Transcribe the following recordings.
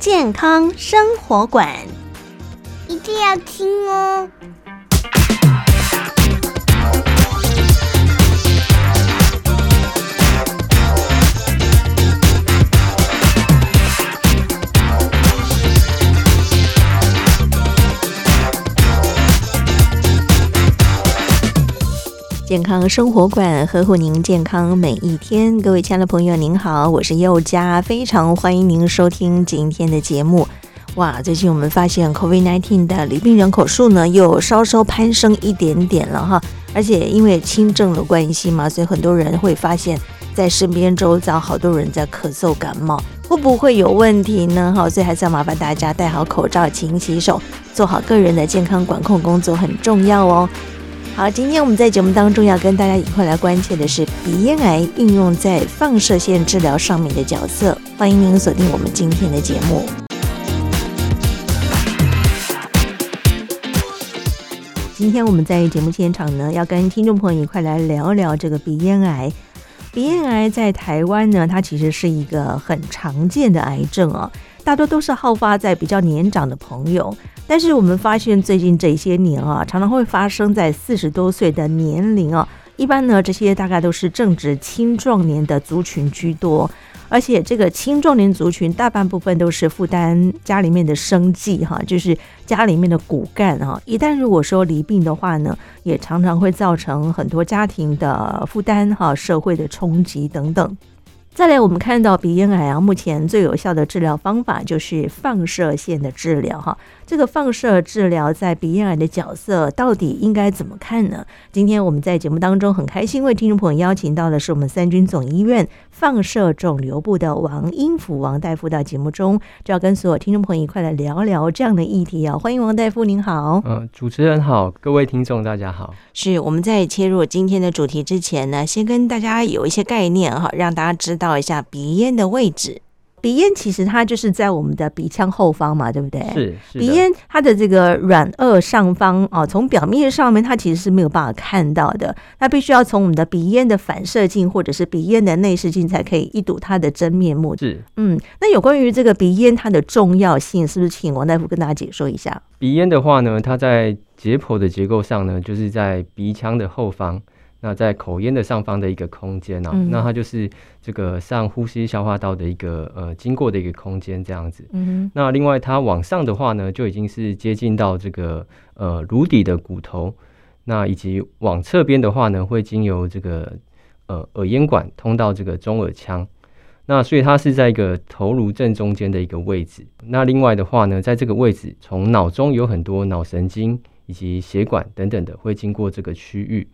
健康生活館，一定要聽哦。健康生活館，呵護您健康每一天。各位親愛的朋友，您好，我是佑佳，非常歡迎您收聽今天的節目。哇，最近我們發現 COVID-19 的罹病人口數呢，又稍稍攀升一點點了哈。而且因為輕症的關係嘛，所以很多人會發現，在身邊周遭，好多人在咳嗽、感冒，會不會有問題呢？哈，所以還是要麻煩大家戴好口罩、勤洗手，做好個人的健康管控工作很重要哦。好，今天我們在節目當中要跟大家一塊來關切的是鼻咽癌應用在放射線治療上面的角色。歡迎您鎖定我們今天的節目。今天我們在節目現場呢，要跟聽眾朋友一塊來聊聊這個鼻咽癌。鼻咽癌在台灣呢，它其實是一個很常見的癌症啊、哦。大多都是好發在比較年長的朋友，但是我們發現最近這些年啊，常常會發生在四十多歲的年齡啊。一般呢，這些大概都是正值青壯年的族群居多，而且這個青壯年族群大半部分都是負擔家裡面的生計哈、啊，就是家裡面的骨幹哈、啊。一旦如果說罹病的話呢，也常常會造成很多家庭的負擔哈、啊、社會的衝擊等等。再來，我們看到鼻咽癌啊，目前最有效的治療方法就是放射線的治療哈。這個放射治療在鼻咽癌的角色到底應該怎麼看呢？今天我們在節目當中很開心，為聽眾朋友邀請到的是我們三軍總醫院放射腫瘤部的王英甫王大夫到節目中，就要跟所有聽眾朋友一塊來聊聊，聊這樣的議題啊！歡迎王大夫，您好。嗯、呃，主持人好，各位聽眾大家好。是我們在切入今天的主題之前呢，先跟大家有一些概念哈，讓大家知道一下鼻咽的位置。鼻咽其實它就是在我們的鼻腔後方嘛，對不對？是。是鼻咽它的這個軟腭上方哦，從表面上面它其實是沒有辦法看到的，它必須要從我們的鼻咽的反射鏡或者是鼻咽的內視鏡才可以一睹它的真面目。是。嗯，那有關於這個鼻咽它的重要性，是不是請王大夫跟大家解說一下？鼻咽的話呢，它在解剖的結構上呢，就是在鼻腔的後方。那在口咽的上方的一個空間呢、啊嗯，那它就是這個上呼吸消化道的一個呃經過的一個空間這樣子。嗯、那另外它往上的話呢，就已經是接近到這個呃顱底的骨頭。那以及往側邊的話呢，會經由這個呃耳咽管通到這個中耳腔。那所以它是在一個頭顱正中間的一個位置。那另外的話呢，在這個位置，從腦中有很多腦神經以及血管等等的會經過這個區域。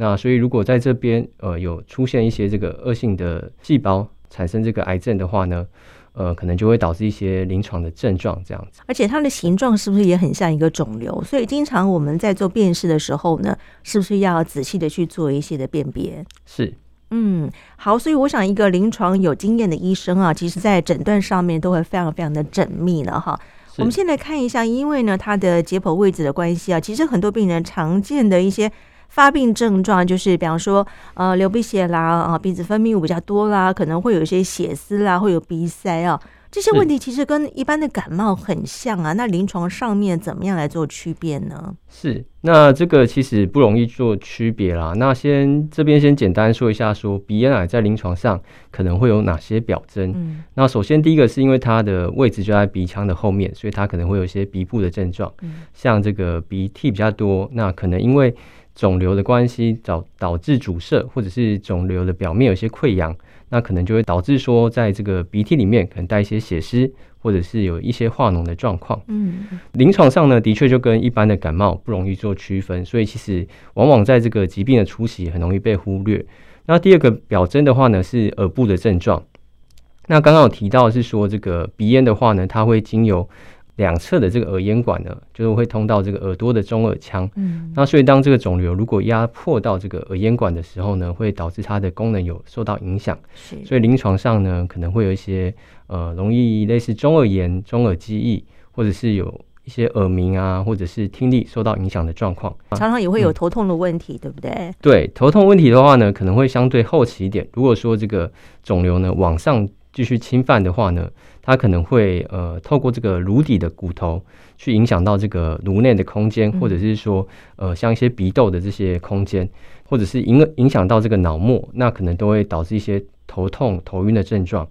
那所以，如果在這邊，呃，有出現一些這個惡性的細胞產生這個癌症的話呢，呃，可能就會導致一些臨床的症狀這樣子。而且它的形狀是不是也很像一個腫瘤？所以經常我們在做辨識的時候呢，是不是要仔細的去做一些的辨別？是，嗯，好。所以我想，一個臨床有經驗的醫生啊，其實在診斷上面都會非常非常的縝密了哈。我們先來看一下，因為呢，它的解剖位置的關係啊，其實很多病人常見的一些。發病症狀就是，比方說，呃，流鼻血啦，啊、呃，鼻子分泌物比較多啦，可能會有一些血絲啦，會有鼻塞啊，這些問題其實跟一般的感冒很像啊。那臨床上面怎麼樣來做區別呢？是，那這個其實不容易做區別啦。那先這邊先簡單說一下說，說鼻咽癌在臨床上可能會有哪些表徵？嗯，那首先第一個是因為它的位置就在鼻腔的後面，所以它可能會有一些鼻部的症狀、嗯，像這個鼻涕比較多，那可能因為腫瘤的關係導導致阻塞，或者是腫瘤的表面有些潰瘍，那可能就會導致說，在這個鼻涕裡面可能帶一些血絲，或者是有一些化膿的狀況。嗯，臨床上呢，的確就跟一般的感冒不容易做區分，所以其實往往在這個疾病的初期很容易被忽略。那第二個表徵的話呢，是耳部的症狀。那剛剛有提到是說這個鼻咽的話呢，它會經由。兩側的這個耳咽管呢，就是會通到這個耳朵的中耳腔。嗯，那所以當這個腫瘤如果壓迫到這個耳咽管的時候呢，會導致它的功能有受到影響。是，所以臨床上呢，可能會有一些呃，容易類似中耳炎、中耳積液，或者是有一些耳鳴啊，或者是聽力受到影響的狀況。常常也會有頭痛的問題，嗯、對不對？對，頭痛問題的話呢，可能會相對後期一點。如果說這個腫瘤呢往上繼續侵犯的話呢。它可能會呃透過這個顱底的骨頭去影響到這個顱內的空間、嗯，或者是說呃像一些鼻竇的這些空間，或者是影影響到這個腦膜，那可能都會導致一些頭痛、頭暈的症狀。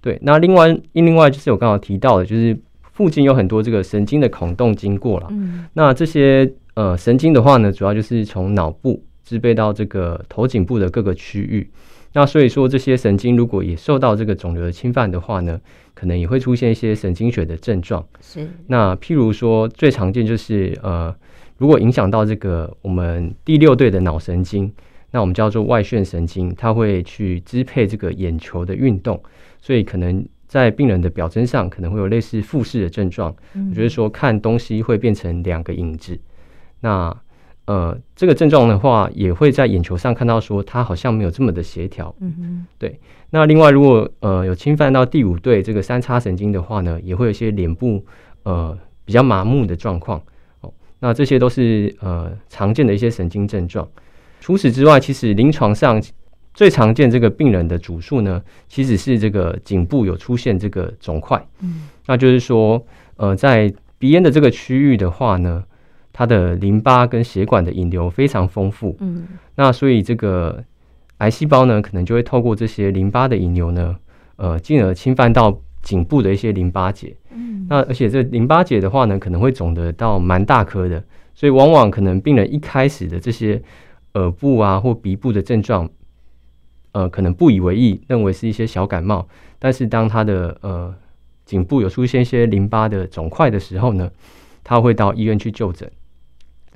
對，那另外另外就是我剛剛提到的，就是附近有很多這個神經的孔洞經過了、嗯，那這些呃神經的話呢，主要就是從腦部支配到這個頭頸部的各個區域。那所以說，這些神經如果也受到這個腫瘤的侵犯的話呢，可能也會出現一些神經學的症狀。是。那譬如說，最常見就是呃，如果影響到這個我們第六對的腦神經，那我們叫做外旋神經，它會去支配這個眼球的運動，所以可能在病人的表徵上可能會有類似複視的症狀。我、嗯、就是說看東西會變成兩個影子。那。呃，這個症狀的話，也會在眼球上看到說，說他好像沒有這麼的協調。嗯，對，那另外，如果呃有侵犯到第五對這個三叉神經的話呢，也會有一些臉部呃比較麻木的狀況。哦，那這些都是呃常見的一些神經症狀。除此之外，其實臨床上最常見這個病人的主訴呢，其實是這個頸部有出現這個腫塊。嗯，那就是說，呃，在鼻咽的這個區域的話呢。它的淋巴跟血管的引流非常豐富，嗯，那所以這個癌細胞呢，可能就會透過這些淋巴的引流呢，呃，進而侵犯到頸部的一些淋巴結，嗯，那而且這淋巴結的話呢，可能會腫得到蠻大顆的，所以往往可能病人一開始的這些耳部啊或鼻部的症狀，呃，可能不以為意，認為是一些小感冒，但是當他的呃頸部有出現一些淋巴的腫塊的時候呢，他會到醫院去就診。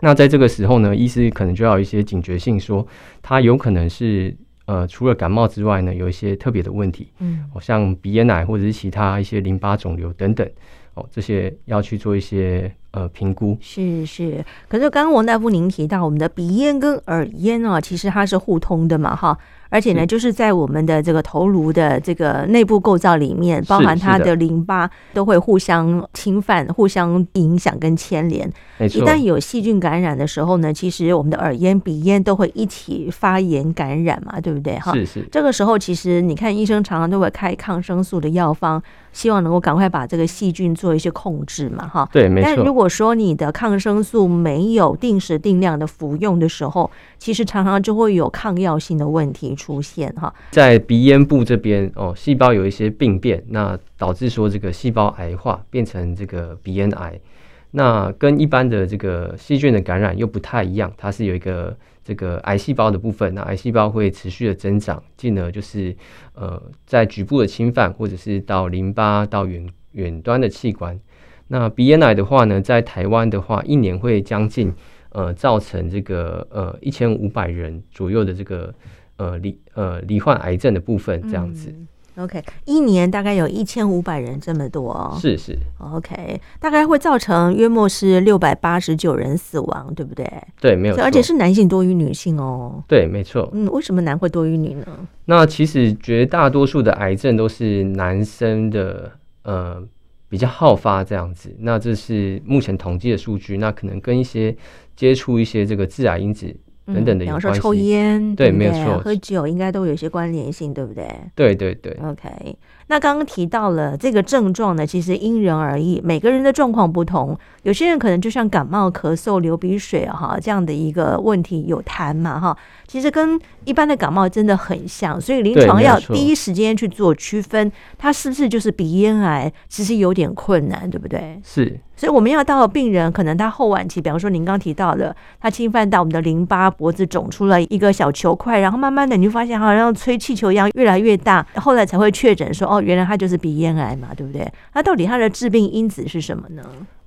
那在這個時候呢，醫師可能就要有一些警覺性說，說他有可能是呃除了感冒之外呢，有一些特別的問題，嗯，像鼻咽癌或者是其他一些淋巴腫瘤等等，哦，這些要去做一些呃評估。是是，可是剛剛王大夫您提到我們的鼻咽跟耳咽啊，其實它是互通的嘛，哈。而且呢，就是在我們的這個頭顱的這個內部構造裡面，包含它的淋巴都會互相侵犯，互相影響跟牽連。沒錯。一旦有細菌感染的時候呢，其實我們的耳咽、鼻咽都會一起發炎感染嘛，對不對？哈。這個時候，其實你看醫生常常都會開抗生素的藥方，希望能夠趕快把這個細菌做一些控制嘛，哈。對，沒錯。但如果說你的抗生素沒有定時定量的服用的時候，其實常常就會有抗藥性的問題。出現哈，在鼻咽部這邊哦，細胞有一些病變，那導致說這個細胞癌化，變成這個鼻咽癌。那跟一般的這個細菌的感染又不太一樣，它是有一個這個癌細胞的部分。那癌細胞會持續的增長，進而就是呃，在局部的侵犯，或者是到淋巴到遠遠端的器官。那鼻咽癌的話呢，在台灣的話，一年會將近呃造成這個呃一千五百人左右的這個。呃，罹呃罹患癌症的部分這樣子，嗯，OK，一年大概有一千五百人這麼多哦，是是，OK，大概會造成約莫是六百八十九人死亡，對不對？對，沒有錯，而且是男性多於女性哦，對，沒錯，嗯，為什麼男會多於女呢？那其實絕大多數的癌症都是男生的呃比較好發這樣子，那這是目前統計的數據，那可能跟一些接觸一些這個致癌因子。等等的、嗯，比方說抽煙，對，沒有錯，喝酒應該都有一些關聯性，對不對？對對對。OK。那剛剛提到了這個症狀呢，其實因人而異，每個人的狀況不同。有些人可能就像感冒、咳嗽、流鼻水哈、啊、這樣的一個問題，有痰嘛哈，其實跟一般的感冒真的很像，所以臨床要第一時間去做區分，它是不是就是鼻咽癌，其實有點困難，對不對？是。所以我們要到病人，可能他後晚期，比方說您剛提到的，他侵犯到我們的淋巴，脖子腫出來一個小球塊，然後慢慢的你就發現好像吹氣球一樣越來越大，後來才會確診說哦。原來它，就是鼻咽癌嘛，對不對？那到底它的致病因子是什麼呢？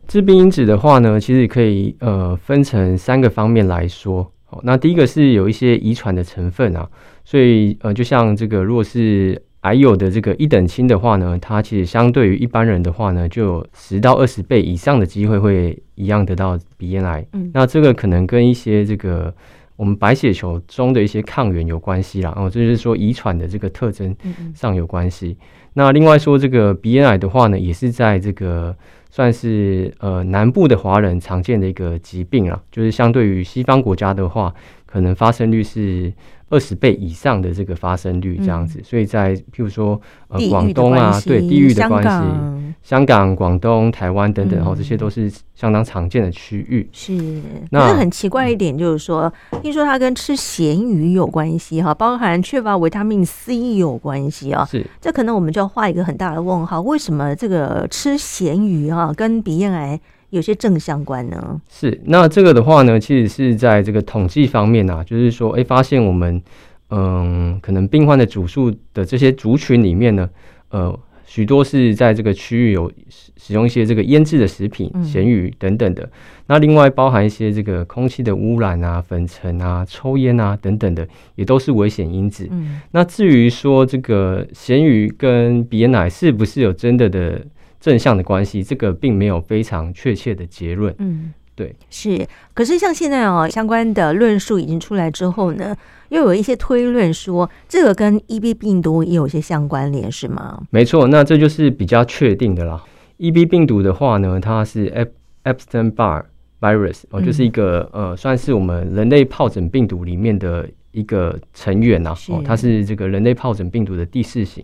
致病因子的話呢，其實可以呃分成三個方面來說。好，那第一個是有一些遺傳的成分啊，所以呃，就像這個，如果是癌友的這個一等親的話呢，它其實相對於一般人的話呢，就有十到二十倍以上的機會會一樣得到鼻咽癌。嗯，那這個可能跟一些這個我們白血球中的一些抗原有關係啦，哦，就是說遺傳的這個特徵上有關係。嗯嗯那另外說這個鼻咽癌的話呢，也是在這個算是呃南部的華人常見的一個疾病啊，就是相對於西方國家的話。可能發生率是二十倍以上的這個發生率這樣子。嗯，所以在譬如說呃廣東啊，對地域的關係，香港、廣東、台灣等等，喔，然後這些都是相當常見的區域。嗯。是，那很奇怪一點就是說，嗯、聽說它跟吃鹹魚有關係哈、啊，包含缺乏維他命 C 有關係啊。是，這可能我們就要畫一個很大的問號，為什麼這個吃鹹魚哈、啊、跟鼻咽癌有些正相關呢，是那這個的話呢，其實是在這個統計方面啊，就是說，哎、欸，發現我們嗯、呃，可能病患的主數的這些族群裡面呢，呃，許多是在這個區域有使用一些這個醃制的食品、鹹、嗯、魚等等的。那另外包含一些這個空氣的污染啊、粉塵啊、抽菸啊等等的，也都是危險因子。嗯、那至於說這個鹹魚跟鼻咽癌是不是有真的的？正向的關係，這個並沒有非常確切的結論。嗯，對，是。可是像現在哦，相關的論述已經出來之後呢，又有一些推論說這個跟 EB 病毒也有些相關聯，是嗎？沒錯，那這就是比較確定的啦。EB 病毒的話呢，它是 Epstein-Barr virus 哦，就是一個、嗯、呃，算是我們人類皰疹病毒裡面的一個成員吶、啊。哦，它是這個人類皰疹病毒的第四型，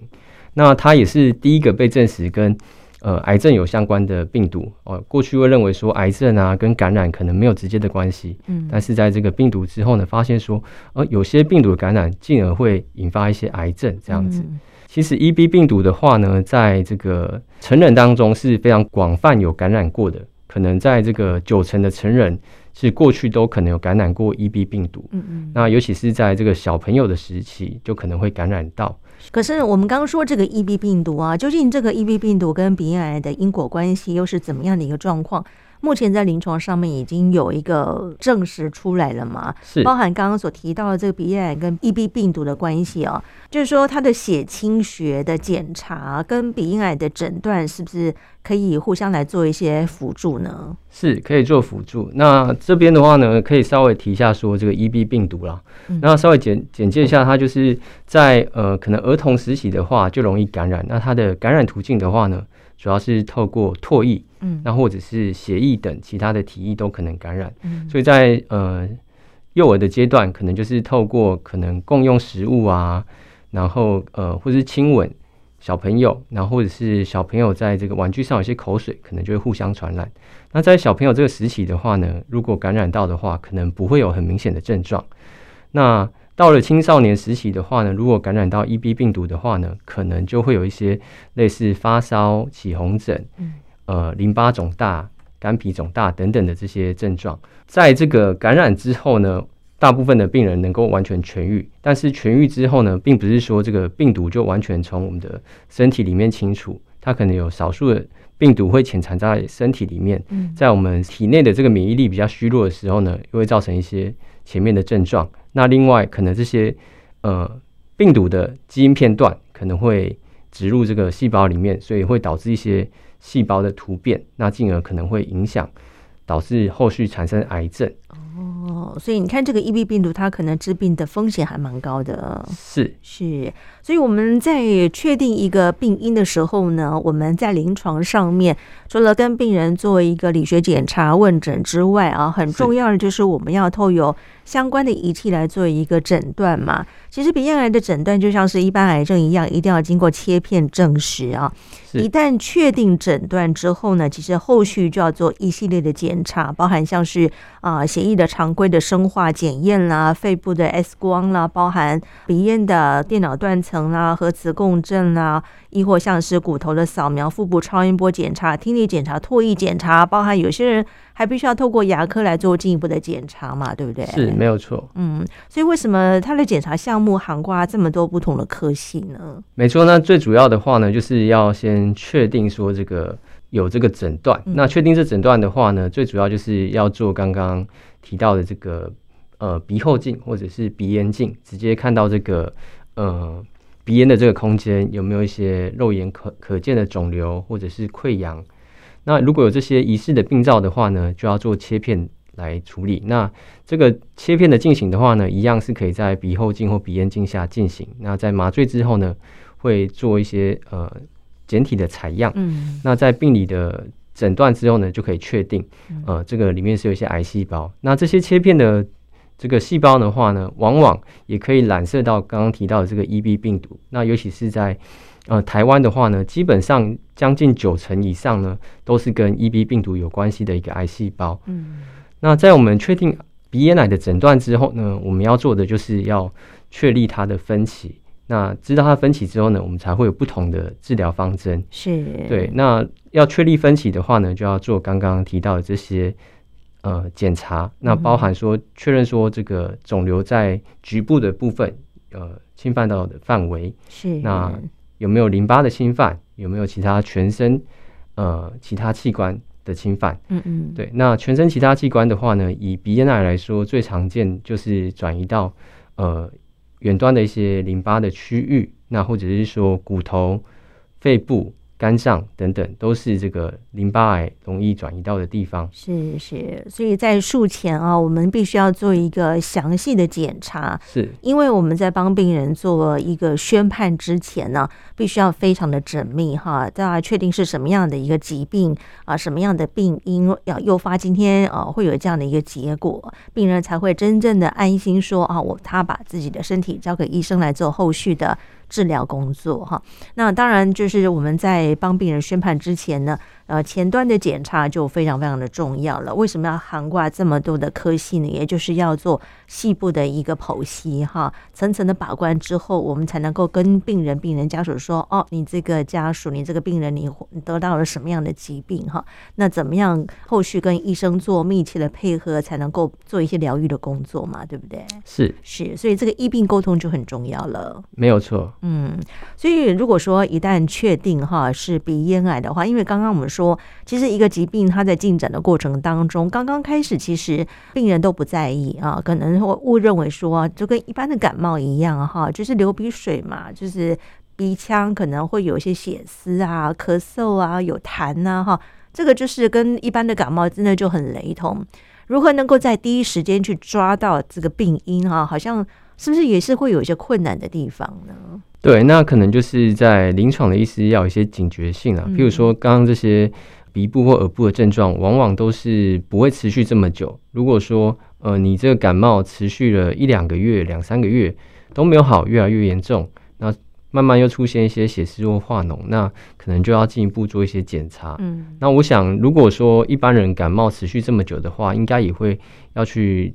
那它也是第一個被證實跟呃，癌症有相關的病毒，呃，過去會認為說癌症啊跟感染可能沒有直接的關係，嗯，但是在這個病毒之後呢，發現說，呃，有些病毒感染進而會引發一些癌症這樣子。嗯。其實 EB 病毒的話呢，在這個成人當中是非常廣泛有感染過的。可能在這個九成的成人是過去都可能有感染過 EB 病毒，嗯，嗯，那尤其是在這個小朋友的時期，就可能會感染到。嗯。嗯、可是我們剛剛說這個 EB 病毒啊，究竟這個 EB 病毒跟鼻咽癌的因果關係又是怎麼樣的一個狀況？目前在臨床上面已經有一個證實出來了嘛？是包含剛剛所提到的這個鼻咽癌跟 EB 病毒的關係啊、哦，就是說它的血清學的檢查跟鼻咽癌的診斷是不是可以互相來做一些輔助呢？是，可以做輔助。那這邊的話呢，可以稍微提一下說這個 EB 病毒啦。嗯、那稍微簡簡介一下，它就是在呃，可能兒童時期的話就容易感染。那它的感染途徑的話呢？主要是透過唾液，嗯，那或者是血液等其他的體液都可能感染，嗯，所以在呃幼兒的階段，可能就是透過可能共用食物啊，然後呃或者是親吻小朋友，然後或者是小朋友在這個玩具上有些口水，可能就會互相傳染。那在小朋友這個時期的話呢，如果感染到的話，可能不會有很明顯的症狀。那。到了青少年時期的話呢，如果感染到 EB 病毒的話呢，可能就會有一些類似發燒、起紅疹、嗯、呃、淋巴腫大、肝脾腫大等等的這些症狀。在這個感染之後呢，大部分的病人能夠完全痊癒，但是痊癒之後呢，並不是說這個病毒就完全從我們的身體裡面清除，它可能有少數的病毒會潛藏在身體裡面，嗯、在我們體內的這個免疫力比較虛弱的時候呢，又會造成一些。前面的症狀，那另外可能這些，呃，病毒的基因片段可能會植入這個細胞裡面，所以會導致一些細胞的突變，那進而可能會影響，導致後續產生癌症。哦、oh，所以你看這個 EB 病毒，它可能致病的風險還蠻高的。是是，所以我們在確定一個病因的時候呢，我們在臨床上面除了跟病人做一個理學檢查、問診之外啊，很重要的就是我們要透過相關的儀器來做一個診斷嘛。其實鼻咽癌的診斷就像是一般癌症一樣，一定要經過切片證實啊。一旦確定診斷之後呢，其實後續就要做一系列的檢查，包含像是啊、呃、協議的。常規的生化檢驗啦，肺部的 X 光啦，包含鼻咽的電腦斷層啦、核磁共振啦，亦或像是骨頭的掃描、腹部超音波檢查、聽力檢查、唾液檢查，包含有些人還必須要透過牙科來做進一步的檢查嘛，對不對？是，沒有錯。嗯，所以為什麼他的檢查項目涵蓋這麼多不同的科系呢？沒錯，那最主要的話呢，就是要先確定說這個。有這個診斷，那確定這診斷的話呢，嗯、最主要就是要做剛剛提到的這個呃鼻後鏡或者是鼻咽鏡，直接看到這個呃鼻咽的這個空間有沒有一些肉眼可可見的腫瘤或者是潰瘍。那如果有這些疑似的病灶的話呢，就要做切片來處理。那這個切片的進行的話呢，一樣是可以在鼻後鏡或鼻咽鏡下進行。那在麻醉之後呢，會做一些呃。簡體的採樣，嗯，那在病理的診斷之後呢，就可以確定，嗯，呃，這個裡面是有一些癌細胞。那這些切片的這個細胞的話呢，往往也可以染色到剛剛提到的這個 EB 病毒。那尤其是在呃台灣的話呢，基本上將近九成以上呢，都是跟 EB 病毒有關係的一個癌細胞。嗯，那在我們確定鼻咽癌的診斷之後呢，我們要做的就是要確立它的分期。那知道它分期之後呢，我們才會有不同的治療方針。是對。那要確立分期的話呢，就要做剛剛提到的這些呃檢查。那包含說確認說這個腫瘤在局部的部分呃侵犯到的範圍是。那有沒有淋巴的侵犯？有沒有其他全身呃其他器官的侵犯？嗯嗯。對，那全身其他器官的話呢，以鼻咽癌來說，最常見就是轉移到呃。遠端的一些淋巴的區域，那或者是說骨頭、肺部。肝臟等等都是這個淋巴癌容易轉移到的地方。是是，所以在術前啊，我們必須要做一個詳細的檢查。是，因為我們在幫病人做一個宣判之前呢、啊，必須要非常的縝密哈，大家確定是什麼樣的一個疾病啊，什麼樣的病因要誘發今天啊會有這樣的一個結果，病人才會真正的安心說啊，我他把自己的身體交給醫生來做後續的。治療工作哈，那當然就是我們在幫病人宣判之前呢。呃，前端的檢查就非常非常的重要了。為什麼要涵蓋這麼多的科系呢？也就是要做細部的一個剖析哈，層層的把關之後，我們才能夠跟病人、病人家屬說：“哦，你這個家屬，你這個病人，你得到了什麼樣的疾病哈？那怎麼樣後續跟醫生做密切的配合，才能夠做一些療癒的工作嘛？對不對？是是，所以這個醫病溝通就很重要了，沒有錯。嗯，所以如果說一旦確定哈是鼻咽癌的話，因為剛剛我們說。說，其實一個疾病它在進展的過程當中，剛剛開始，其實病人都不在意啊，可能會誤認為說，就跟一般的感冒一樣哈、啊，就是流鼻水嘛，就是鼻腔可能會有一些血絲啊，咳嗽啊，有痰吶、啊、哈，這個就是跟一般的感冒真的就很雷同。如何能夠在第一時間去抓到這個病因哈、啊？好像。是不是也是會有一些困難的地方呢？對，那可能就是在臨床的醫師要有一些警覺性啊、嗯。譬如說，剛剛這些鼻部或耳部的症狀，往往都是不會持續這麼久。如果說，呃，你這個感冒持續了一兩個月、兩三個月都沒有好，越來越嚴重，那慢慢又出現一些血絲或化膿，那可能就要進一步做一些檢查。嗯，那我想，如果說一般人感冒持續這麼久的話，應該也會要去。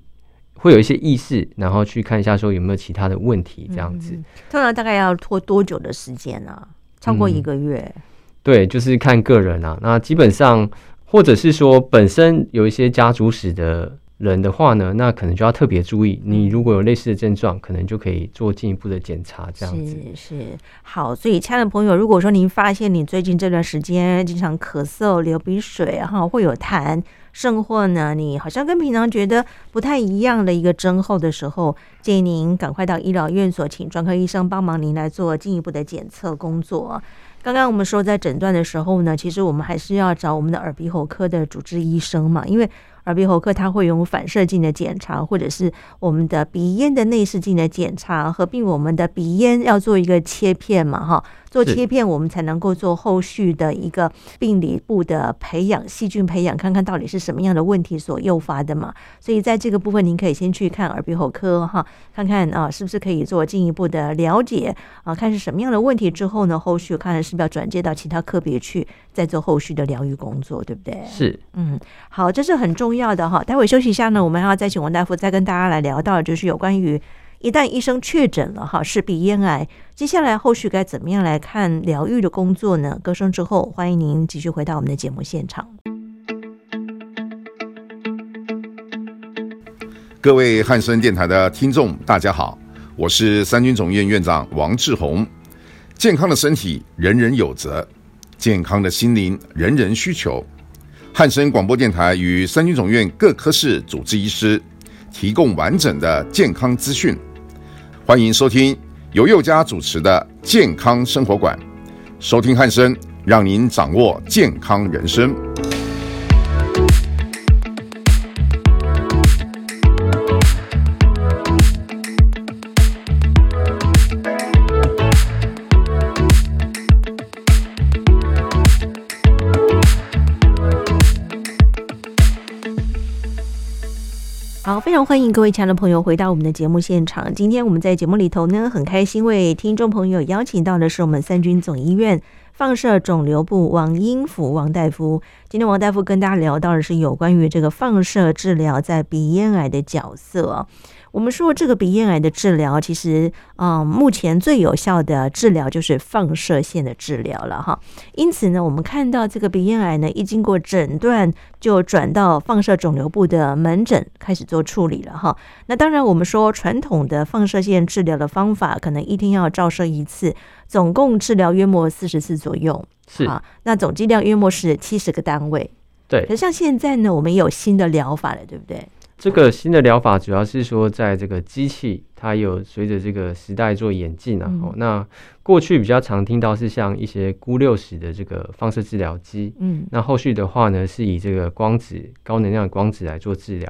會有一些意識，然後去看一下，說有沒有其他的問題，這樣子。嗯、通常大概要拖多久的時間呢、啊？超過一個月、嗯？對，就是看個人啊。那基本上，或者是說本身有一些家族史的人的話呢，那可能就要特別注意。你如果有類似的症狀，可能就可以做進一步的檢查，這樣子。是，是，好。所以，親愛的朋友，如果說您發現你最近這段時間經常咳嗽、流鼻水，哈，會有痰。甚或呢，你好像跟平常覺得不太一樣的一個症候的時候，建議您趕快到醫療院所，請專科醫生幫忙您來做進一步的檢測工作。剛剛我們說在診斷的時候呢，其實我們還是要找我們的耳鼻喉科的主治醫生嘛，因為耳鼻喉科它會用反射鏡的檢查，或者是我們的鼻咽的內視鏡的檢查，合併我們的鼻咽要做一個切片嘛，哈。做切片，我們才能夠做後續的一個病理部的培養、細菌培養，看看到底是什麼樣的問題所誘發的嘛。所以在這個部分，您可以先去看耳鼻喉科哈，看看啊是不是可以做進一步的了解啊，看是什麼樣的問題。之後呢，後續看是不是要轉接到其他科別去，再做後續的療癒工作，對不對？是，嗯，好，這是很重要的哈。待會休息一下呢，我們還要再請王大夫再跟大家來聊到，就是有關於。一旦醫生確診了哈，是鼻咽癌。接下來後續該怎麼樣來看療癒的工作呢？歌聲之後，歡迎您繼續回到我們的節目現場。各位漢聲電台的聽眾，大家好，我是三軍總院院長王志宏。健康的身體人人有責，健康的心靈人人需求。漢聲廣播電台與三軍總院各科室主治醫師提供完整的健康資訊。歡迎收聽由佑嘉主持的健康生活館，收聽漢聲，讓您掌握健康人生。非常歡迎各位親愛的朋友回到我們的節目現場。今天我們在節目裡頭呢，很開心為聽眾朋友邀請到的是我們三軍總醫院放射腫瘤部王英甫王大夫。今天王大夫跟大家聊到的是有關於這個放射治療在鼻咽癌的角色。我們說這個鼻咽癌的治療，其實，嗯，目前最有效的治療就是放射線的治療了哈。因此呢，我們看到這個鼻咽癌呢，一經過診斷就轉到放射腫瘤部的門診開始做處理了哈。那當然，我們說傳統的放射線治療的方法，可能一天要照射一次，總共治療約莫四十次左右，是啊。那總劑量約莫是七十個單位，對。可是像現在呢，我們也有新的療法了，對不對？這個新的療法主要是說，在這個機器它有隨着這個時代做演進然後啊，嗯，哦，那過去比較常聽到是像一些钴六十的這個放射治療機，嗯，那後續的話呢，是以這個光子高能量的光子來做治療。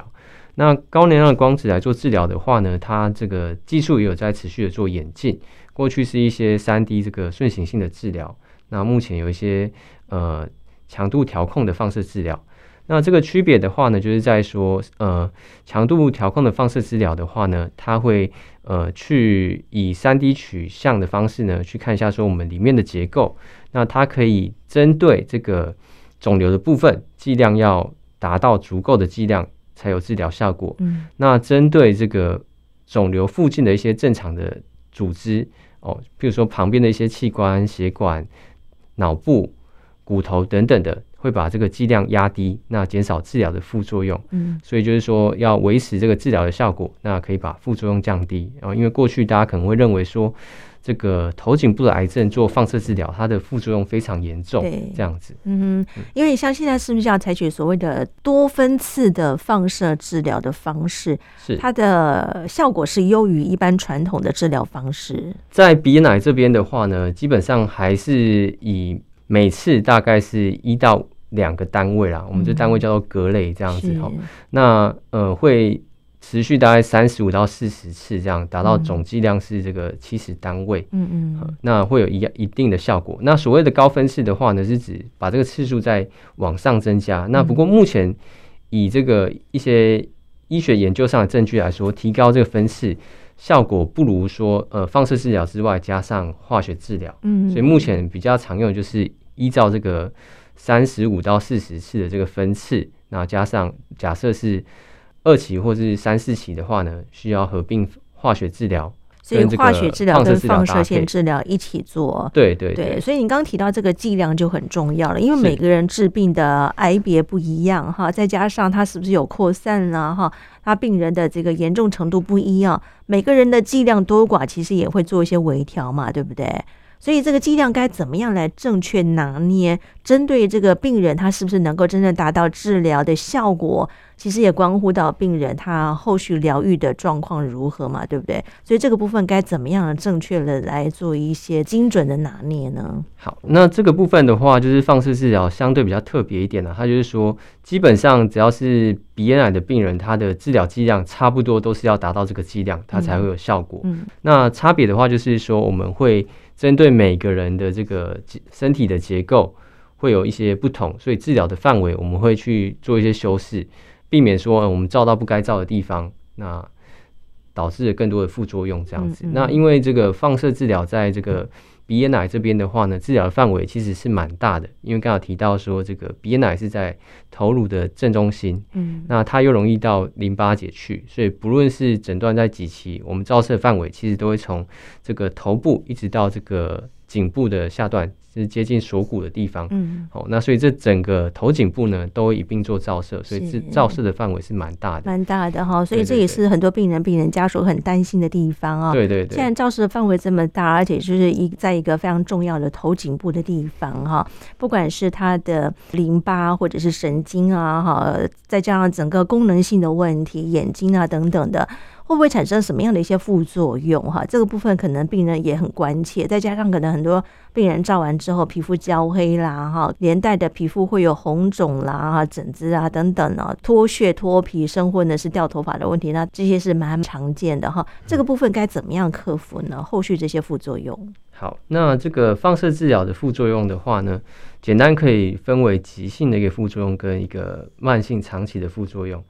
那高能量的光子來做治療的話呢，它這個技術也有在持續的做演進。過去是一些三 D 這個順行性的治療，那目前有一些呃強度調控的放射治療。那這個區別的話呢，就是在說，呃，強度調控的放射治療的話呢，它會呃去以 3D 取向的方式呢，去看一下說我們裡面的結構。那它可以針對這個腫瘤的部分，劑量要達到足夠的劑量才有治療效果。嗯。那針對這個腫瘤附近的一些正常的組織，哦，比如說旁邊的一些器官、血管、腦部、骨頭等等的。會把這個劑量壓低，那減少治療的副作用。嗯，所以就是說要維持這個治療的效果，那可以把副作用降低。然後，因為過去大家可能會認為說，這個頭頸部的癌症做放射治療，它的副作用非常嚴重。對，這樣子。嗯，因為像現在是不是要採取所謂的多分次的放射治療的方式？是，它的效果是優於一般傳統的治療方式。在鼻咽這邊的話呢，基本上還是以每次大概是一到。兩個單位啦，我們這單位叫做格雷，這樣子哈、嗯。那呃，會持續大概三十五到四十次，這樣達到總劑量是這個七十單位。嗯嗯、呃。那會有一一定的效果。那所謂的高分次的話呢，是指把這個次數再往上增加、嗯。那不過目前以這個一些醫學研究上的證據來說，提高這個分次效果不如說呃放射治療之外加上化學治療、嗯。嗯。所以目前比較常用就是依照這個。三十五到四十次的這個分次，那加上假設是二期或是三四期的話呢，需要合併化學治療，所以化學治療跟放射線治療一起做。對，對對對，所以你剛剛提到這個劑量就很重要了，因為每個人治病的癌別不一樣哈，再加上它是不是有擴散了、啊、哈，它病人的這個嚴重程度不一樣，每個人的劑量多寡其實也會做一些微調嘛，對不對？所以這個劑量該怎麼樣來正確拿捏，針對這個病人，他是不是能夠真正達到治療的效果？其實也關乎到病人他後續療癒的狀況如何嘛，對不對？所以這個部分該怎麼樣正確的來做一些精準的拿捏呢？好，那這個部分的話，就是放射治療相對比較特別一點了啊。它就是說，基本上只要是鼻咽癌的病人，他的治療劑量差不多都是要達到這個劑量，它才會有效果。嗯，嗯。那差別的話，就是說我們會針對每個人的這個身體的結構會有一些不同，所以治療的範圍我們會去做一些修飾。避免說我們照到不該照的地方，那導致了更多的副作用這樣子。嗯嗯、那因為這個放射治療在這個鼻咽癌這邊的話呢，治療範圍其實是蠻大的。因為剛才提到說這個鼻咽癌是在頭顱的正中心，嗯，那它又容易到淋巴結去，所以不論是診斷在幾期，我們照射範圍其實都會從這個頭部一直到這個。頸部的下段，就是接近鎖骨的地方，好，嗯，那所以這整個頭頸部呢都一併做照射，所以是照射的範圍是蠻大的，蠻大的哈。所以這也是很多病人對對對，病人家屬很擔心的地方啊。對對對，現在照射的範圍這麼大，而且就是一在一個非常重要的頭頸部的地方哈，啊，不管是它的淋巴或者是神經啊，哈，再加上整個功能性的問題，眼睛啊等等的。會不會產生什麼樣的一些副作用？哈、啊，這個部分可能病人也很關切。再加上可能很多病人照完之後皮膚焦黑啦，哈、啊，連帶的皮膚會有紅腫啦、啊、疹子啊等等啊，脫屑、脫皮，甚至呢是掉頭髮的問題。那這些是蠻常見的哈、啊。這個部分該怎麼樣克服呢、嗯？後續這些副作用。好，那這個放射治療的副作用的話呢，簡單可以分為急性的一個副作用跟一個慢性長期的副作用。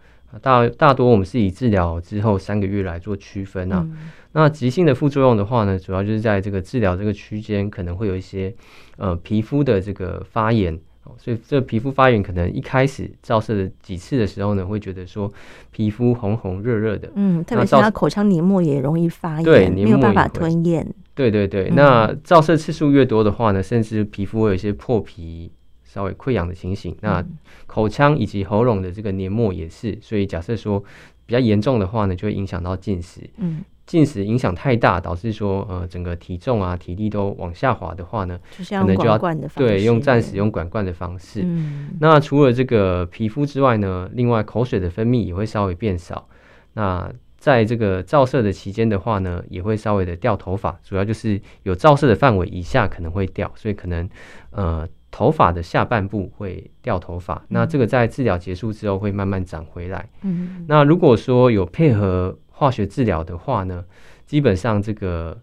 大大多我們是以治療之後三個月來做區分啊、嗯。那急性的副作用的話呢，主要就是在這個治療這個區間，可能會有一些呃皮膚的這個發炎。所以這個皮膚發炎可能一開始照射幾次的時候呢，會覺得說皮膚紅紅熱熱的。嗯，特別是它口腔黏膜也容易發炎，沒有辦法吞嚥。對對對，嗯、那照射次數越多的話呢，甚至皮膚會有一些破皮。稍微潰瘍的情形，那口腔以及喉嚨的這個黏膜也是，嗯、所以假設說比較嚴重的話呢，就會影響到進食。嗯、進食影響太大，導致說呃整個體重啊、體力都往下滑的話呢，就是要用管灌的方式，可能就要、管灌的方式、對，用暫時用管灌的方式、嗯。那除了這個皮膚之外呢，另外口水的分泌也會稍微變少。那在這個照射的期間的話呢，也會稍微的掉頭髮，主要就是有照射的範圍以下可能會掉，所以可能呃。頭髮的下半部會掉頭髮，那這個在治療結束之後會慢慢長回來。嗯、那如果說有配合化學治療的話呢，基本上這個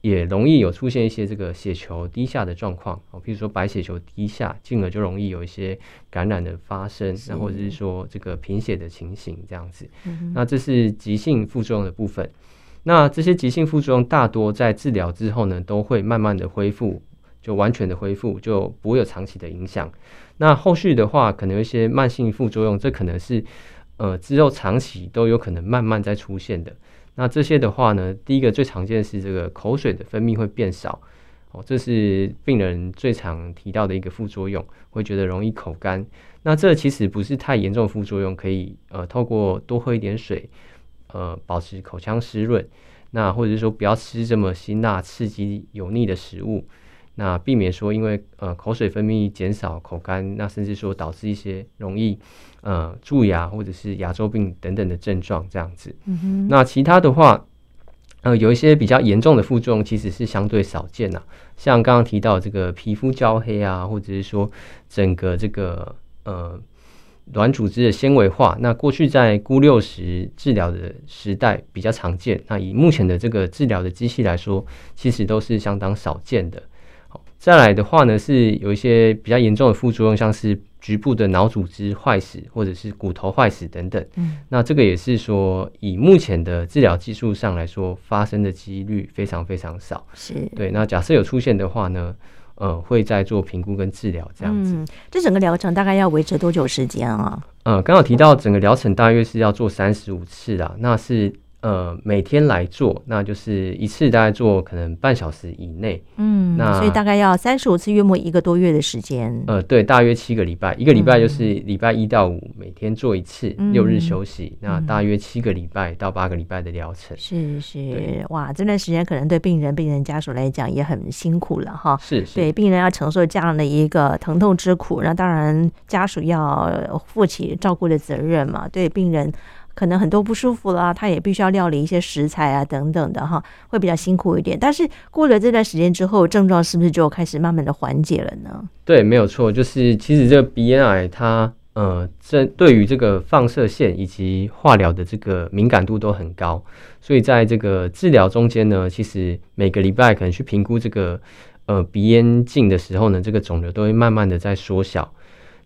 也容易有出現一些這個血球低下的狀況哦，譬如說白血球低下，進而就容易有一些感染的發生，然後就是說這個貧血的情形這樣子、嗯哼。那這是急性副作用的部分。那這些急性副作用大多在治療之後呢，都會慢慢的恢復。就完全的恢復，就不會有長期的影響。那後續的話，可能有一些慢性副作用，這可能是呃之後長期都有可能慢慢再出現的。那這些的話呢，第一個最常見是這個口水的分泌會變少，哦，這是病人最常提到的一個副作用，會覺得容易口乾。那這其實不是太嚴重的副作用，可以呃透過多喝一點水，呃保持口腔濕潤。那或者是說不要吃這麼辛辣刺激油膩的食物。那避免說，因為呃口水分泌減少口乾，那甚至說導致一些容易呃蛀牙或者是牙周病等等的症狀這樣子。嗯哼。那其他的話，呃有一些比較嚴重的副作用其實是相對少見吶、啊，像剛剛提到這個皮膚焦黑啊，或者是說整個這個呃軟組織的纖維化，那過去在鈷六十治療的時代比較常見，那以目前的這個治療的機器來說，其實都是相當少見的。再來的話呢，是有一些比較嚴重的副作用，像是局部的腦組織壞死或者是骨頭壞死等等，嗯。那這個也是說，以目前的治療技術上來說，發生的幾率非常非常少。是對。那假設有出現的話呢，呃，會再做評估跟治療這樣子。嗯，這整個療程大概要維持多久時間啊，哦？嗯，剛剛提到整個療程大約是要做三十五次啦，那是。呃，每天來做，那就是一次大概做可能半小時以內，嗯，那所以大概要三十五次，約莫一個多月的時間。呃，對，大約七個禮拜，一個禮拜就是禮拜一到五，嗯，每天做一次、嗯，六日休息，那大約七個禮拜到八個禮拜的療程、嗯。是是，哇，這段時間可能對病人、病人家屬來講也很辛苦了哈。是是，對病人要承受這樣的一個疼痛之苦，那當然家屬要負起照顧的責任嘛，對病人。可能很多不舒服啦啊，他也必須要料理一些食材啊等等的哈，會比較辛苦一點。但是過了這段時間之後，症狀是不是就開始慢慢的緩解了呢？對，沒有錯，就是其實這個鼻咽癌它呃，針對於這個放射線以及化療的這個敏感度都很高，所以在這個治療中間呢，其實每個禮拜可能去評估這個呃鼻咽鏡的時候呢，這個腫瘤都會慢慢的在縮小。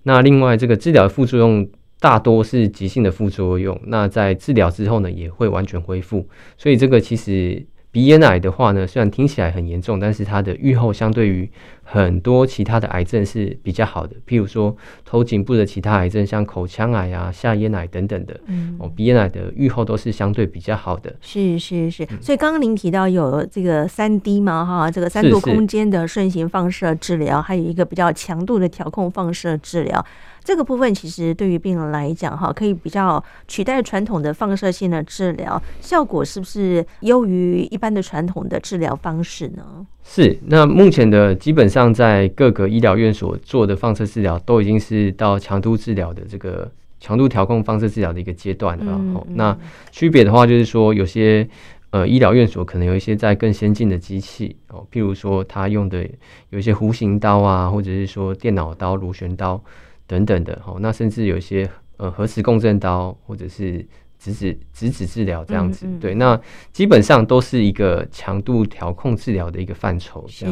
那另外這個治療副作用。大多是急性的副作用，那在治療之後呢，也會完全恢復。所以這個其實鼻咽癌的話呢，雖然聽起來很嚴重，但是它的預後相對於很多其他的癌症是比較好的。譬如說頭頸部的其他癌症，像口腔癌啊、下咽癌等等的，嗯，哦，鼻咽癌的預後都是相對比較好的。是是是，所以剛剛您提到有這個三 D 嘛？哈、嗯，這個三度空間的順形放射治療，還有一個比較強度的調控放射治療。這個部分其實對於病人來講，哈，可以比較取代傳統的放射性的治療，效果是不是優於一般的傳統的治療方式呢？是。那目前的基本上在各個醫療院所做的放射治療，都已經是到強度治療的這個強度調控放射治療的一個階段了。嗯。哦，那區別的話，就是說有些呃醫療院所可能有一些在更先進的機器哦，譬如說它用的有一些弧形刀啊，或者是說電腦刀、螺旋刀。等等的哈，那甚至有一些呃核磁共振刀或者是直指直指治療這樣子，嗯嗯，對，那基本上都是一個強度調控治療的一個範疇。是，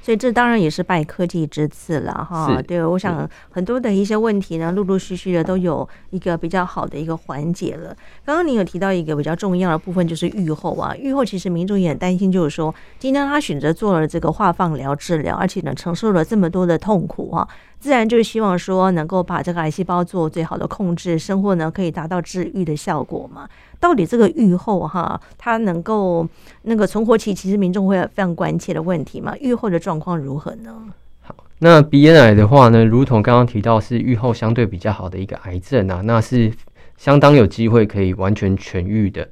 所以這當然也是拜科技之賜了哈。對，我想很多的一些問題呢，陸陸續續的都有一個比較好的一個緩解了。剛剛你有提到一個比較重要的部分，就是預後啊。預後其實民眾也很擔心，就是說，今天他選擇做了這個化放療治療，而且呢承受了這麼多的痛苦啊。自然就是希望說能夠把這個癌細胞做最好的控制，生活呢可以達到治癒的效果嘛？到底這個預後哈，它能夠那個存活期，其實民眾會有非常關切的問題嘛？預後的狀況如何呢？好，那鼻咽癌的話呢，如同剛剛提到是預後相對比較好的一個癌症啊，那是相當有機會可以完全痊癒的。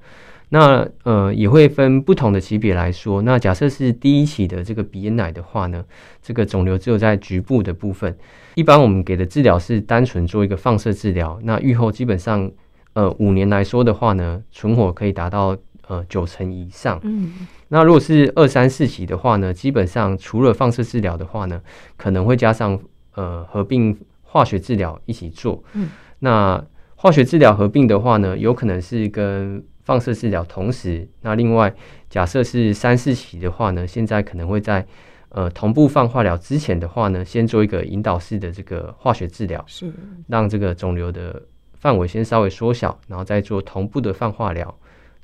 那呃，也會分不同的級別來說。那假設是第一期的這個鼻咽癌的話呢，這個腫瘤只有在局部的部分，一般我們給的治療是單純做一個放射治療。那預後基本上，呃五年來說的話呢，存活可以達到呃九成以上。嗯。那如果是二三四期的話呢，基本上除了放射治療的話呢，可能會加上呃合併化學治療一起做。嗯。那化學治療合併的話呢，有可能是跟放射治療同時，那另外假設是三四期的話呢，現在可能會在呃同步放化療之前的話呢，先做一個引導式的這個化學治療，是讓這個腫瘤的範圍先稍微縮小，然後再做同步的放化療。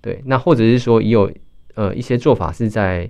對，那或者是說也有呃一些做法是在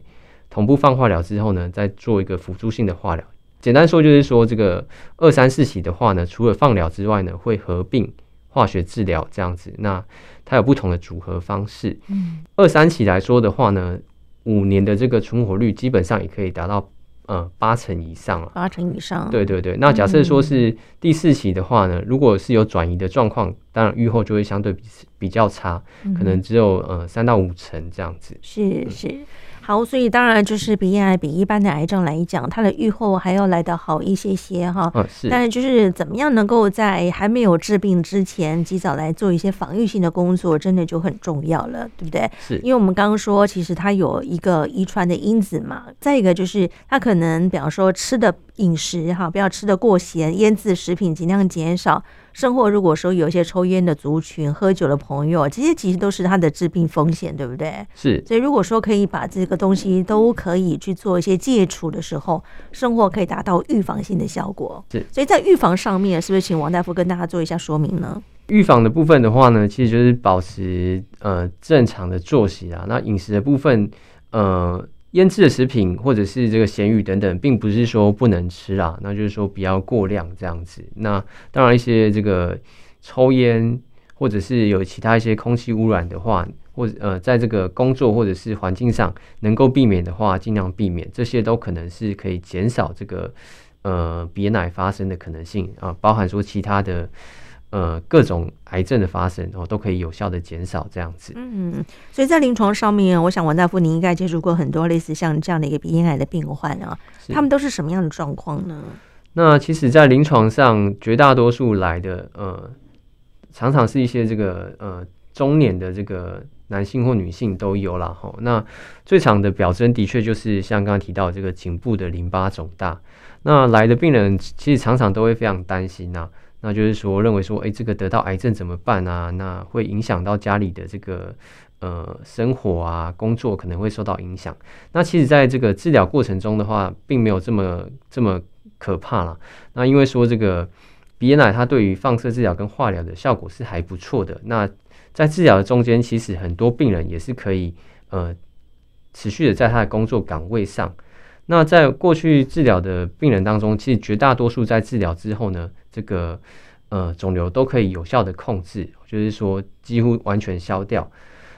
同步放化療之後呢，再做一個輔助性的化療。簡單說就是說，這個二三四期的話呢，除了放療之外呢，會合併化學治療這樣子。那它有不同的組合方式、嗯。二三期來說的話呢，五年的這個存活率基本上也可以達到呃八成以上、啊、八成以上。對對對，那假設說是第四期的話呢，嗯、如果是有轉移的狀況，當然預後就會相對比比較差、嗯，可能只有呃三到五成這樣子。是是。嗯好，所以當然就是鼻咽癌比一般的癌症來講，它的預後還要來得好一些些哈、哦，是。但是就是怎麼樣能夠在還沒有治病之前及早來做一些防禦性的工作，真的就很重要了，對不對？是。因為我們剛剛說，其實它有一個遺傳的因子嘛。再一個就是它可能，比方說吃的飲食哈，不要吃的過鹹，醃製食品盡量減少。生活如果說有一些抽菸的族群、喝酒的朋友，這些其實都是他的致病風險，對不對？是。所以如果說可以把這個東西都可以去做一些戒除的時候，生活可以達到預防性的效果。是。所以在預防上面，是不是請王大夫跟大家做一下說明呢？預防的部分的話呢，其實就是保持呃正常的作息啊，那飲食的部分，呃。醃制的食品或者是這個鹹魚等等，並不是說不能吃啊，那就是說不要過量這樣子。那當然一些這個抽菸或者是有其他一些空氣污染的話，或者呃，在這個工作或者是環境上能夠避免的話，儘量避免，這些都可能是可以減少這個呃鼻咽癌發生的可能性啊、呃，包含說其他的。呃，各種癌症的發生哦，都可以有效的減少這樣子。嗯嗯，所以在臨床上面，我想王大夫，您應該接觸過很多類似像這樣的一個鼻咽癌的病患啊，他們都是什麼樣的狀況呢？那其實，在臨床上，絕大多數來的呃，常常是一些這個呃中年的這個男性或女性都有了哈。那最常的表徵的確就是像剛剛提到的這個頸部的淋巴腫大。那來的病人其實常常都會非常擔心吶、啊。那就是說，認為說，誒、欸，這個得到癌症怎麼辦啊？那會影響到家裡的這個呃生活啊，工作可能會受到影響。那其實，在這個治療過程中的話，並沒有這麼這麼可怕了。那因為說，這個鼻咽癌它對於放射治療跟化療的效果是還不錯的。那在治療的中間，其實很多病人也是可以呃持續的在他的工作崗位上。那在過去治療的病人當中，其實絕大多數在治療之後呢。這個呃腫瘤都可以有效的控制，就是說幾乎完全消掉。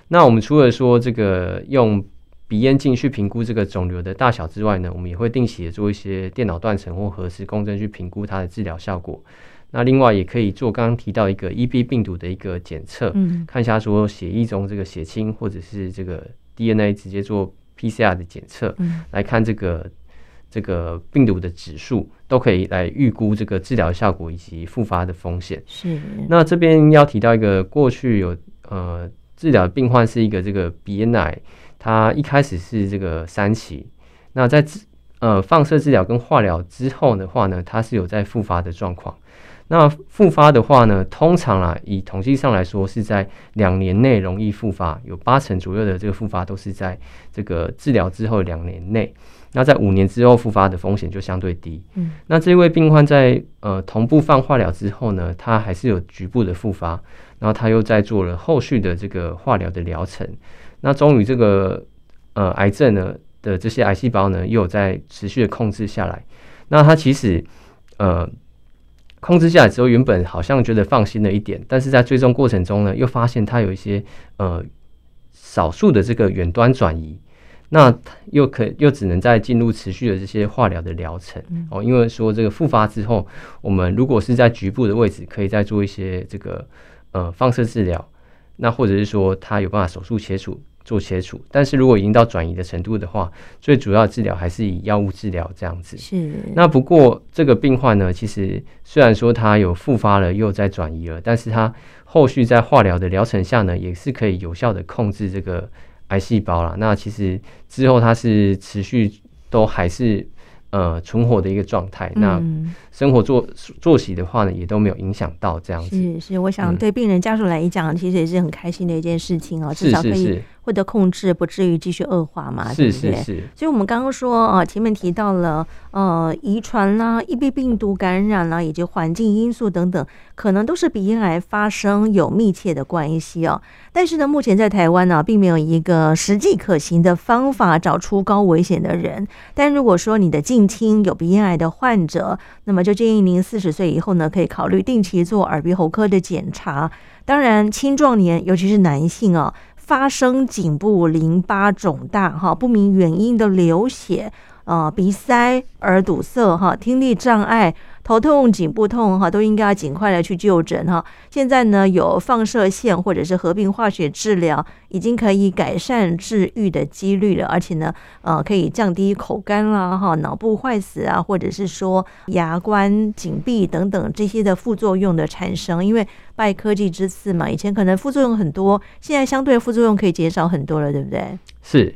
那我們除了說這個用鼻咽鏡去評估這個腫瘤的大小之外呢，我們也會定期的做一些電腦斷層或核磁共振去評估它的治療效果。那另外也可以做剛剛提到一個 EB 病毒的一個檢測，嗯，看一下說血液中這個血清或者是這個 DNA 直接做 PCR 的檢測，嗯，來看這個。這個病毒的指數都可以來預估這個治療效果以及復發的風險。是。那這邊要提到一個過去有呃治療病患是一個這個鼻咽癌，它一開始是這個三期。那在治呃放射治療跟化療之後的話呢，它是有在復發的狀況。那復發的話呢，通常啦，以統計上來說是在兩年內容易復發，有八成左右的這個復發都是在這個治療之後兩年內。他在五年之後復發的風險就相對低。嗯。那這位病患在呃同步放化療之後呢，他還是有局部的復發，然後他又在做了後續的這個化療的療程。那終於這個呃癌症呢的這些癌細胞呢，又有在持續的控制下來。那他其實呃控制下來之後，原本好像覺得放心了一點，但是在追蹤過程中呢，又發現他有一些呃少數的這個遠端轉移。那又可又只能再進入持續的這些化療的療程哦、嗯，因為說這個復發之後，我們如果是在局部的位置，可以再做一些這個呃放射治療，那或者是說他有辦法手術切除做切除，但是如果已經到轉移的程度的話，最主要的治療還是以藥物治療這樣子。是。那不過這個病患呢，其實雖然說他有復發了，又在轉移了，但是他後續在化療的療程下呢，也是可以有效的控制這個。癌細胞啦，那其實之後它是持續都還是呃存活的一個狀態，嗯。那生活做作息的話呢，也都沒有影響到這樣子。是是，我想對病人家屬來講，嗯，其實也是很開心的一件事情哦，喔。至少可以是，是。不得控制，不至於繼續惡化嘛？是是是。所以，我們剛剛說啊，前面提到了呃，遺傳啦、EB 病毒感染啦、啊，以及環境因素等等，可能都是鼻咽癌發生有密切的關係哦。但是呢，目前在台灣呢，並沒有一個實際可行的方法找出高危險的人。但如果說你的近親有鼻咽癌，癌的患者，那麼就建議您四十歲以後呢，可以考慮定期做耳鼻喉科的檢查。當然，青壯年，尤其是男性啊。發生頸部淋巴腫大，哈，不明原因的流血，呃，鼻塞、耳堵塞，哈，聽力障礙。頭痛、頸部痛哈，都應該要盡快地去就診哈。現在呢，有放射線或者是合併化學治療，已經可以改善治癒的幾率了，而且呢，呃，可以降低口乾啦、哈腦部壞死啊，或者是說牙關緊閉等等這些的副作用的產生。因為拜科技之賜嘛，以前可能副作用很多，現在相對副作用可以減少很多了，對不對？是，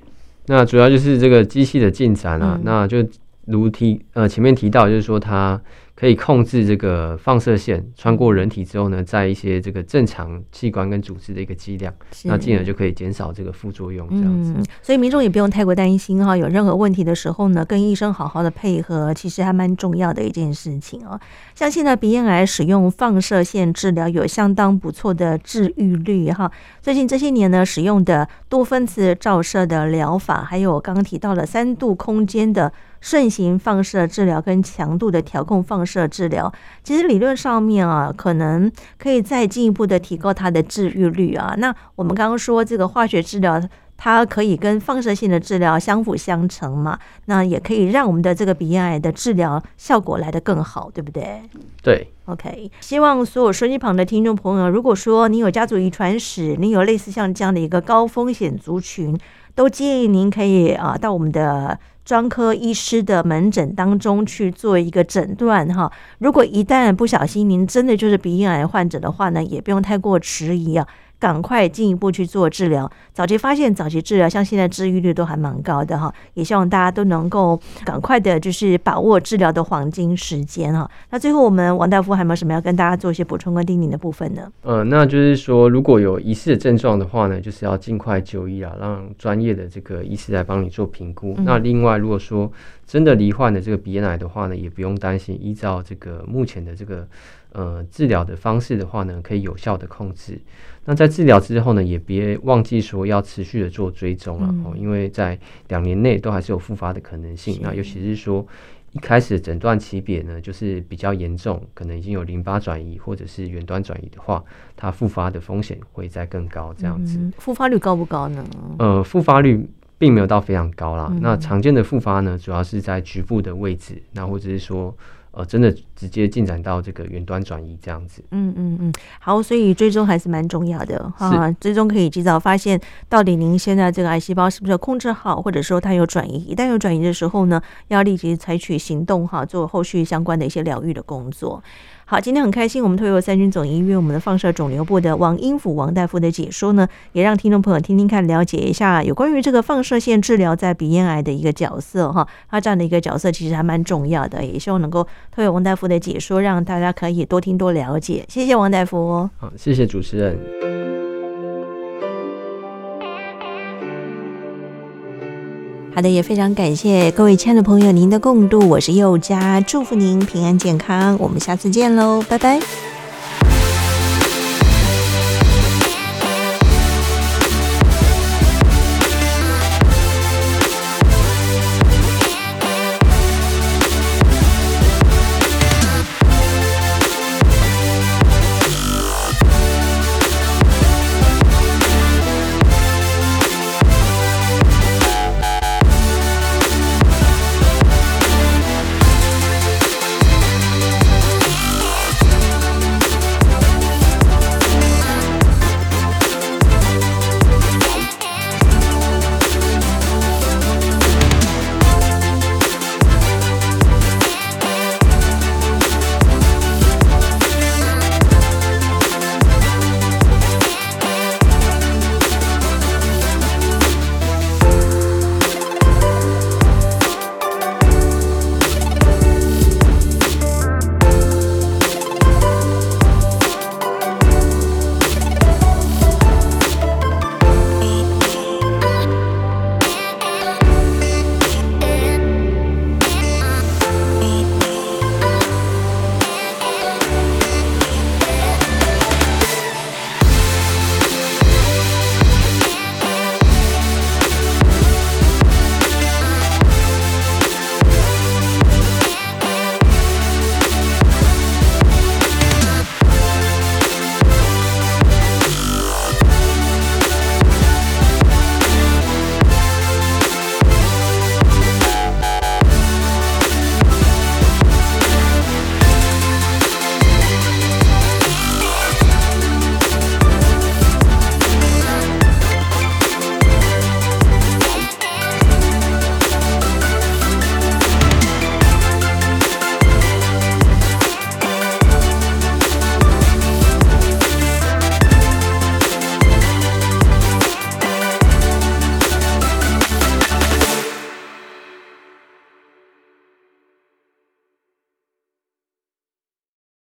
那主要就是這個機器的進展啊、嗯，那就如提呃前面提到，就是說它。可以控制這個放射線穿過人體之後呢，在一些這個正常器官跟組織的一個劑量，那進而就可以減少這個副作用。這樣子，嗯，所以民眾也不用太過擔心哈，有任何問題的時候呢，跟醫生好好的配合，其實還蠻重要的一件事情哦。像現在鼻咽癌使用放射線治療有相當不錯的治癒率哈，最近這些年呢，使用的多分次照射的療法，還有剛剛提到了三度空間的。順形放射治療跟強度的調控放射治療，其實理論上面啊，可能可以再進一步的提高它的治愈率啊。那我們剛剛說這個化學治療，它可以跟放射性的治療相輔相成嘛，那也可以讓我們的這個鼻咽癌的治療效果來得更好，對不對？對，OK。希望所有收音機旁的聽眾朋友，如果說你有家族遺傳史，你有類似像這樣的一個高風險族群，都建議您可以啊，到我們的。專科醫師的門診當中去做一個診斷，哈，如果一旦不小心，您真的就是鼻咽癌患者的話呢，也不用太過遲疑啊，趕快進一步去做治療，早期發現，早期治療，像現在治癒率都還蠻高的哈，也希望大家都能夠趕快的就是把握治療的黃金時間哈。那最後，我們王大夫還有沒有什麼要跟大家做一些補充跟叮嚀的部分呢？呃，那就是說，如果有疑似的症狀的話呢，就是要盡快就醫啊，讓專業的這個醫師來幫你做評估。嗯。那另外。那如果說真的罹患的這個鼻咽癌的話呢，也不用擔心。依照這個目前的這個呃治療的方式的話呢，可以有效的控制。那在治療之後呢，也別忘記說要持續的做追蹤啊、嗯，因為在兩年內都還是有復發的可能性。那尤其是說一開始診斷期別呢，就是比較嚴重，可能已經有淋巴轉移或者是遠端轉移的話，它復發的風險會再更高。這樣子，嗯、復發率高不高呢？呃，復發率。並沒有到非常高啦。嗯嗯，那常見的復發呢，主要是在局部的位置，那或者是說，呃，真的直接進展到這個遠端轉移這樣子。嗯嗯嗯，好，所以追蹤還是蠻重要的哈，追蹤、啊可以及早發現到底您現在這個癌細胞是不是有控制好，或者說它有轉移。一旦有轉移的時候呢，要立即採取行動哈，做後續相關的一些療癒的工作。好，今天很開心，我們特約三軍總醫院我們的放射腫瘤部的王英甫王大夫的解說呢，也讓聽眾朋友聽聽看，了解一下有關於這個放射線治療在鼻咽癌的一個角色哈，它這樣的一個角色其實還蠻重要的，也希望能夠特約王大夫的解說，讓大家可以多聽多了解，謝謝王大夫哦。好，謝謝主持人。好的，也非常感謝各位親愛的朋友您的共度，我是佑佳，祝福您平安健康，我們下次見嘍，拜拜。